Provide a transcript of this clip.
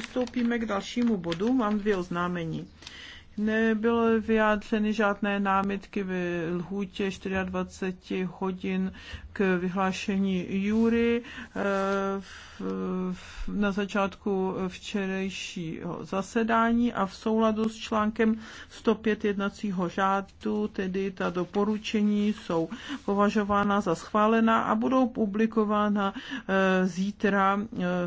přistoupíme k dalšímu bodu, mám dvě oznámení. Nebyly vyjádřeny žádné námitky v lhůtě 24 hodin k vyhlášení jury eh, na začátku včerejšího zasedání a v souladu s článkem 105 jednacího řádu, tedy ta doporučení jsou považována za schválená a budou publikována eh, zítra v eh,